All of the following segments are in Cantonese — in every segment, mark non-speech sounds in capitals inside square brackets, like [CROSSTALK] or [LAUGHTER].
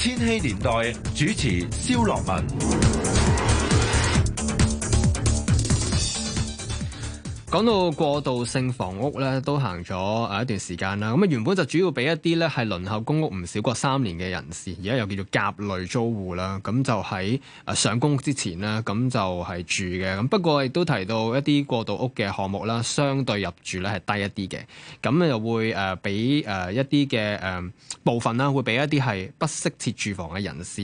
千禧年代，主持蕭樂文。講到過渡性房屋咧，都行咗誒一段時間啦。咁啊原本就主要俾一啲咧係輪候公屋唔少過三年嘅人士，而家又叫做甲類租戶啦。咁就喺上公屋之前啦，咁就係住嘅。咁不過亦都提到一啲過渡屋嘅項目啦，相對入住咧係低一啲嘅。咁咧就會誒俾一啲嘅誒部分啦，會俾一啲係不適切住房嘅人士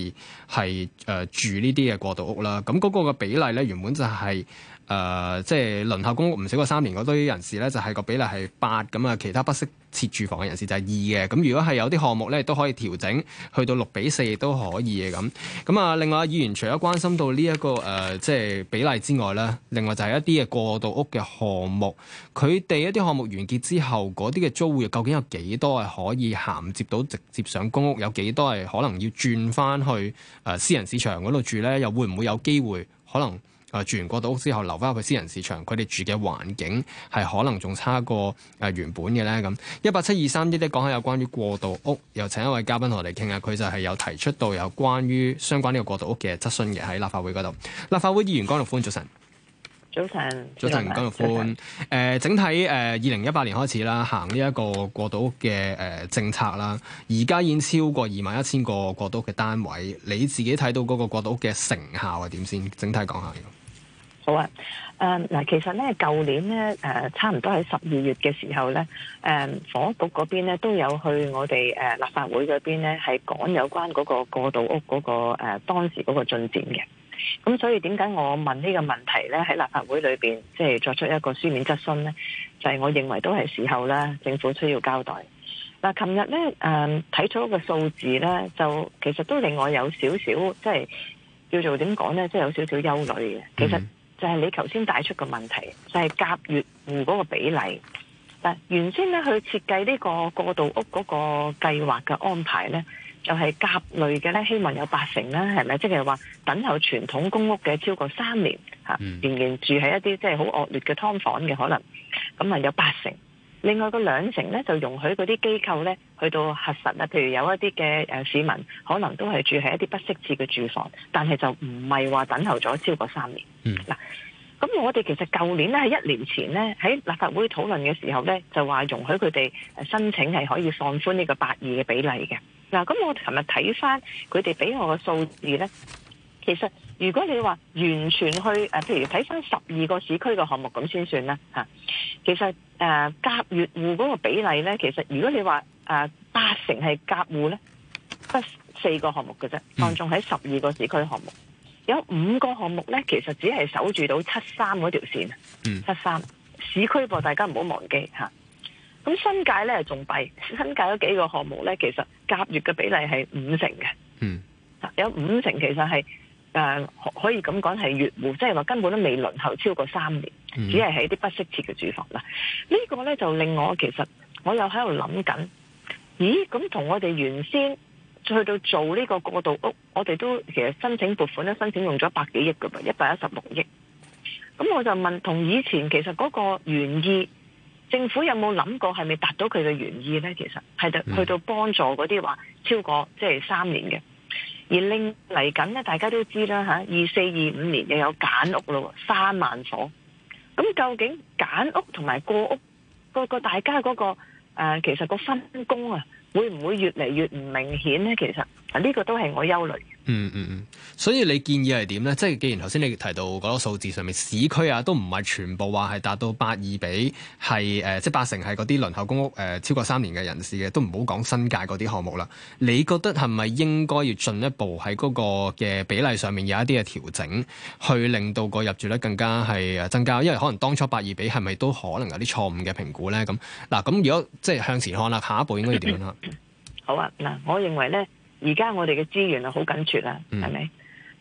係誒住呢啲嘅過渡屋啦。咁嗰個嘅比例咧，原本就係、是。誒、呃，即係輪候公屋唔少過三年嗰堆人士咧，就係、是、個比例係八。咁啊，其他不適切住房嘅人士就係二嘅。咁如果係有啲項目咧，都可以調整去到六比四亦都可以嘅咁。咁啊，另外啊，議員除咗關心到呢、這、一個、呃、即係比例之外咧，另外就係一啲嘅過渡屋嘅項目，佢哋一啲項目完結之後，嗰啲嘅租戶究竟有幾多係可以銜接到直接上公屋，有幾多係可能要轉返去私人市場嗰度住咧？又會唔會有機會可能？啊！住完過渡屋之後留翻去私人市場，佢哋住嘅環境係可能仲差過原本嘅咧咁。一八七二三呢啲講下有關於過渡屋，又請一位嘉賓同我哋傾下，佢就係有提出到有關於相關呢個過渡屋嘅質詢嘅喺立法會嗰度。立法會議員江玉歡早晨，早晨，早晨，早晨，江玉歡。誒晨、呃，整體誒二零一八年開始啦，行呢一個過渡屋嘅、呃、政策啦，而家已經超過二萬一千個過渡屋嘅單位。你自己睇到嗰個過渡屋嘅成效係點先？整體講下。好啊，誒、呃、嗱，其實咧，舊年咧，誒、呃、差唔多喺十二月嘅時候咧，誒、呃、房屋局嗰邊咧都有去我哋誒、呃、立法會嗰邊咧，係講有關嗰個過渡屋嗰、那個誒、呃、當時嗰個進展嘅。咁所以點解我問呢個問題咧？喺立法會裏邊即係作出一個書面質詢咧，就係、是、我認為都係時候啦，政府需要交代。嗱、呃，琴日咧，誒睇咗個數字咧，就其實都令我有少少即係叫做點講咧，即、就、係、是、有少少憂慮嘅。其實、嗯。就係你頭先帶出嘅問題，就係、是、甲乙戶嗰個比例。嗱，原先咧去設計呢個過渡屋嗰個計劃嘅安排咧，就係、是、甲類嘅咧，希望有八成啦，係咪？即係話等候傳統公屋嘅超過三年仍、嗯、然住喺一啲即係好惡劣嘅劏房嘅可能，咁啊有八成。另外個兩成咧，就容許嗰啲機構咧去到核實啦。譬如有一啲嘅誒市民，可能都係住喺一啲不適切嘅住房，但係就唔係話等候咗超過三年。嗯，嗱，咁我哋其實舊年咧喺一年前咧喺立法會討論嘅時候咧，就話容許佢哋誒申請係可以放寬呢個百二嘅比例嘅嗱。咁我琴日睇返佢哋俾我嘅數字咧，其實。如果你話完全去誒，譬如睇翻十二個市區嘅項目咁先算啦吓。其實誒、呃，甲乙戶嗰個比例咧，其實如果你話誒八成係甲戶咧，得四個項目嘅啫，當中喺十二個市區項目，有五個項目咧，其實只係守住到七三嗰條線。七三市區部大家唔好忘記吓。咁、啊、新界咧仲弊，新界嗰幾個項目咧，其實甲乙嘅比例係五成嘅。嗯，有五成其實係。誒、呃、可以咁講係月戶，即係話根本都未輪候超過三年，只係喺啲不適切嘅住房啦。呢個咧就令我其實我有喺度諗緊，咦？咁同我哋原先去到做呢個過渡屋，我哋都其實申請撥款咧，申請用咗百幾億㗎嘛，一百一十六億。咁我就問，同以前其實嗰個原意，政府有冇諗過係咪達到佢嘅原意咧？其實係去到幫助嗰啲話超過、嗯、即係三年嘅。而令嚟緊咧，大家都知啦吓，二四二五年又有簡屋咯，三萬房。咁究竟簡屋同埋過屋，個個大家嗰、那個誒、呃，其實個分工啊，會唔會越嚟越唔明顯咧？其實呢、這個都係我憂慮。嗯嗯嗯，所以你建議係點咧？即係既然頭先你提到嗰個數字上面，市區啊都唔係全部話係達到八二比，係、呃、即係八成係嗰啲輪候公屋、呃、超過三年嘅人士嘅，都唔好講新界嗰啲項目啦。你覺得係咪應該要進一步喺嗰個嘅比例上面有一啲嘅調整，去令到個入住率更加係增加？因為可能當初八二比係咪都可能有啲錯誤嘅評估咧？咁嗱，咁如果即係向前看啦，下一步應該要點啊？ [LAUGHS] 好啊，嗱，我認為咧。而家我哋嘅資源啊，好緊缺啊，係咪、嗯？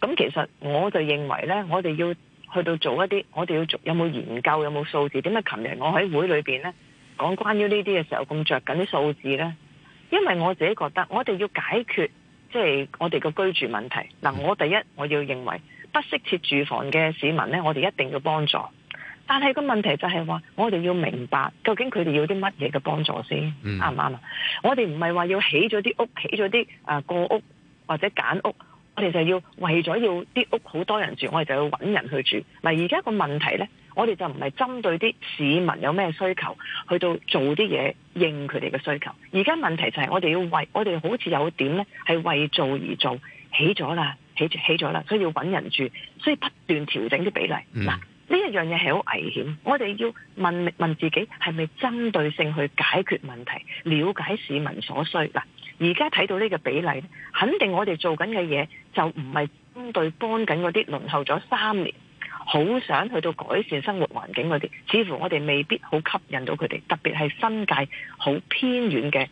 咁其實我就認為咧，我哋要去到做一啲，我哋要做有冇研究，有冇數字？點解琴日我喺會裏邊咧講關於呢啲嘅時候，咁着緊啲數字咧？因為我自己覺得，我哋要解決即係、就是、我哋個居住問題。嗱、嗯，我第一我要認為不適切住房嘅市民咧，我哋一定要幫助。但係個問題就係話，我哋要明白究竟佢哋要啲乜嘢嘅幫助先啱唔啱啊？我哋唔係話要起咗啲屋，起咗啲啊過屋或者揀屋，我哋就要為咗要啲屋好多人住，我哋就要揾人去住。而家個問題呢，我哋就唔係針對啲市民有咩需求去到做啲嘢應佢哋嘅需求。而家問題就係我哋要為我哋好似有點呢係為做而做起咗啦，起起咗啦，所以要揾人住，所以不斷調整啲比例嗱。嗯呢一樣嘢係好危險，我哋要問問自己係咪針對性去解決問題，了解市民所需嗱。而家睇到呢個比例，肯定我哋做緊嘅嘢就唔係針對幫緊嗰啲輪候咗三年，好想去到改善生活環境嗰啲，似乎我哋未必好吸引到佢哋，特別係新界好偏遠嘅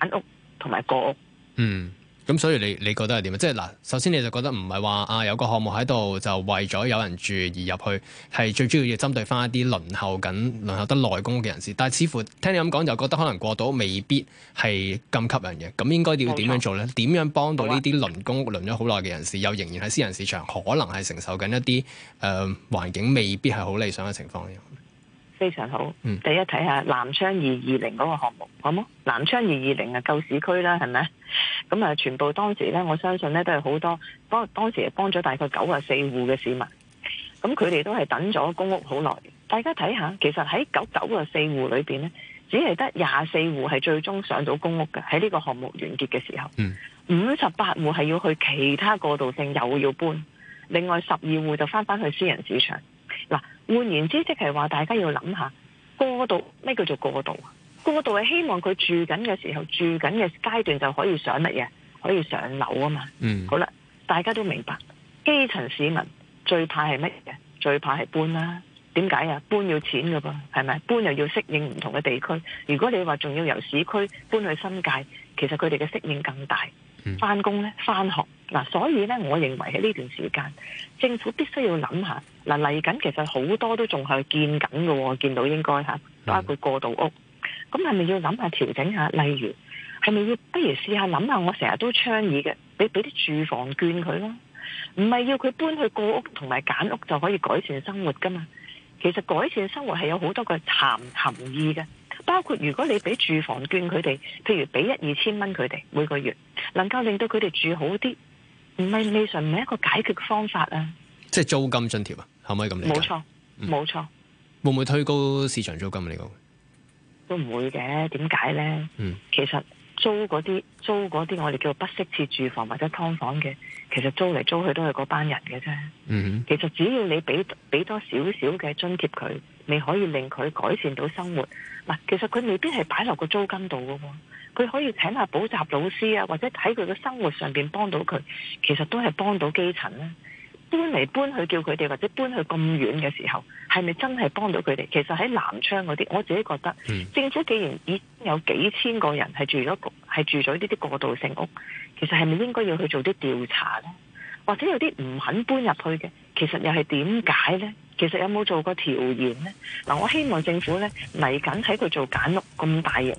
簡屋同埋過屋，嗯。咁所以你你覺得係點啊？即係嗱，首先你就覺得唔係話啊有個項目喺度就為咗有人住而入去，係最主要要針對翻一啲輪候緊、輪候得耐公屋嘅人士。但係似乎聽你咁講，就覺得可能過到未必係咁吸引嘅。咁應該要點樣做咧？點樣幫到呢啲輪公屋輪咗好耐嘅人士，又仍然喺私人市場，可能係承受緊一啲誒、呃、環境未必係好理想嘅情況。非常好，第一睇下南昌二二零嗰個項目好冇？南昌二二零啊，舊市區啦，係咪？咁啊，全部當時咧，我相信，咧都係好多，幫當時幫咗大概九十四戶嘅市民。咁佢哋都係等咗公屋好耐。大家睇下，其實喺九九十四戶裏邊咧，只係得廿四戶係最終上到公屋嘅。喺呢個項目完結嘅時候，五十八戶係要去其他過渡性，又要搬，另外十二戶就返返去私人市場。嗱，換言之，即係話大家要諗下過渡，咩叫做過渡啊？過渡係希望佢住緊嘅時候，住緊嘅階段就可以上乜嘢？可以上樓啊嘛。嗯。好啦，大家都明白，基層市民最怕係乜嘢？最怕係搬啦。啊，點解啊？搬要錢噶噃，係咪？搬又要適應唔同嘅地區。如果你話仲要由市區搬去新界，其實佢哋嘅適應更大。嗯。翻工咧，翻學。嗱、啊，所以咧，我認為喺呢段時間政府必須要諗、啊、下嗱嚟緊其實好多都仲係見緊嘅，見到應該嚇，包括過渡屋，咁係咪要諗下調整下？例如係咪要不如試下諗下，我成日都倡議嘅，俾俾啲住房券佢啦，唔係要佢搬去過屋同埋揀屋就可以改善生活噶嘛？其實改善生活係有好多個含含義嘅，包括如果你俾住房券佢哋，譬如俾一二千蚊佢哋每個月，能夠令到佢哋住好啲。唔係未想，唔係一個解決方法啊！即係租金津貼啊，可唔可以咁理解？冇錯，冇錯，嗯，冇錯。會唔會推高市場租金啊？會呢個都唔會嘅。點解咧？其實。租嗰啲，租嗰啲，我哋叫做不適切住房或者劏房嘅，其實租嚟租去都係嗰班人嘅啫。Mm hmm. 其實只要你俾多少少嘅津貼佢，你可以令佢改善到生活。嗱，其實佢未必係擺落個租金度嘅喎，佢可以請下補習老師啊，或者喺佢嘅生活上邊幫到佢，其實都係幫到基層啦。搬嚟搬去叫佢哋，或者搬去咁遠嘅時候，係咪真係幫到佢哋？其實喺南昌嗰啲，我自己覺得政府、嗯、既然已經有幾千個人係住咗，係住咗呢啲過渡性屋，其實係咪應該要去做啲調查咧？或者有啲唔肯搬入去嘅，其實又係點解咧？其實有冇做過調研咧？嗱、啊，我希望政府咧嚟緊喺度做簡屋咁大型。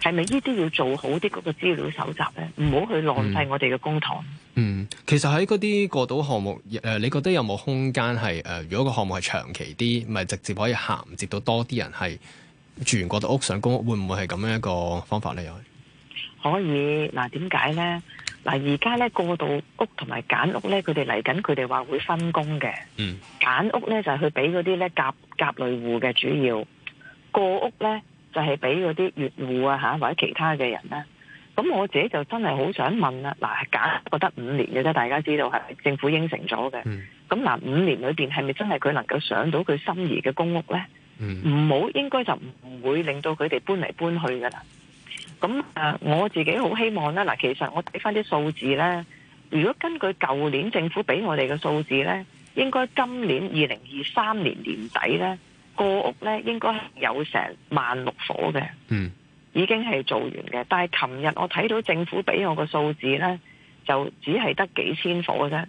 係咪呢啲要做好啲嗰個資料搜集咧？唔好去浪費我哋嘅公帑。嗯，其實喺嗰啲過渡項目，誒，你覺得有冇空間係誒？如果個項目係長期啲，咪直接可以銜接到多啲人係住完過渡屋上公屋，會唔會係咁樣一個方法咧？又可以嗱？點解咧？嗱，而家咧過渡屋同埋簡屋咧，佢哋嚟緊，佢哋話會分工嘅。嗯，簡屋咧就係去俾嗰啲咧夾夾類戶嘅主要過屋咧。就係俾嗰啲月戶啊嚇，或者其他嘅人咧。咁我自己就真係好想問啦。嗱，假覺得五年嘅啫，大家知道係政府應承咗嘅。咁嗱，五年裏邊係咪真係佢能夠上到佢心儀嘅公屋呢？唔好應該就唔會令到佢哋搬嚟搬去噶啦。咁啊，我自己好希望咧。嗱，其實我睇翻啲數字呢，如果根據舊年政府俾我哋嘅數字呢，應該今年二零二三年年底呢。個屋咧應該有成萬六夥嘅，已經係做完嘅。但係琴日我睇到政府俾我個數字咧，就只係得幾千夥嘅啫。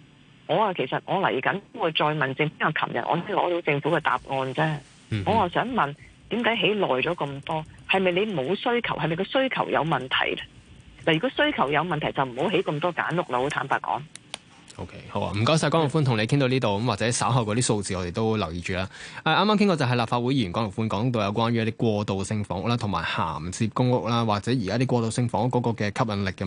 我話其實我嚟緊會再問政府，因為琴日我先攞到政府嘅答案啫。嗯、哼我話想問點解起耐咗咁多，係咪你冇需求？係咪個需求有問題咧？嗱，如果需求有問題，就唔好起咁多簡屋啦。我坦白講。O.K. 好啊，唔該晒江玉歡同你傾到呢度咁，的或者稍後嗰啲數字我哋都留意住啦。誒啱啱傾過就係立法會議員江玉歡講到有關於一啲過渡性房屋啦，同埋銜接公屋啦，或者而家啲過渡性房屋嗰個嘅吸引力嘅。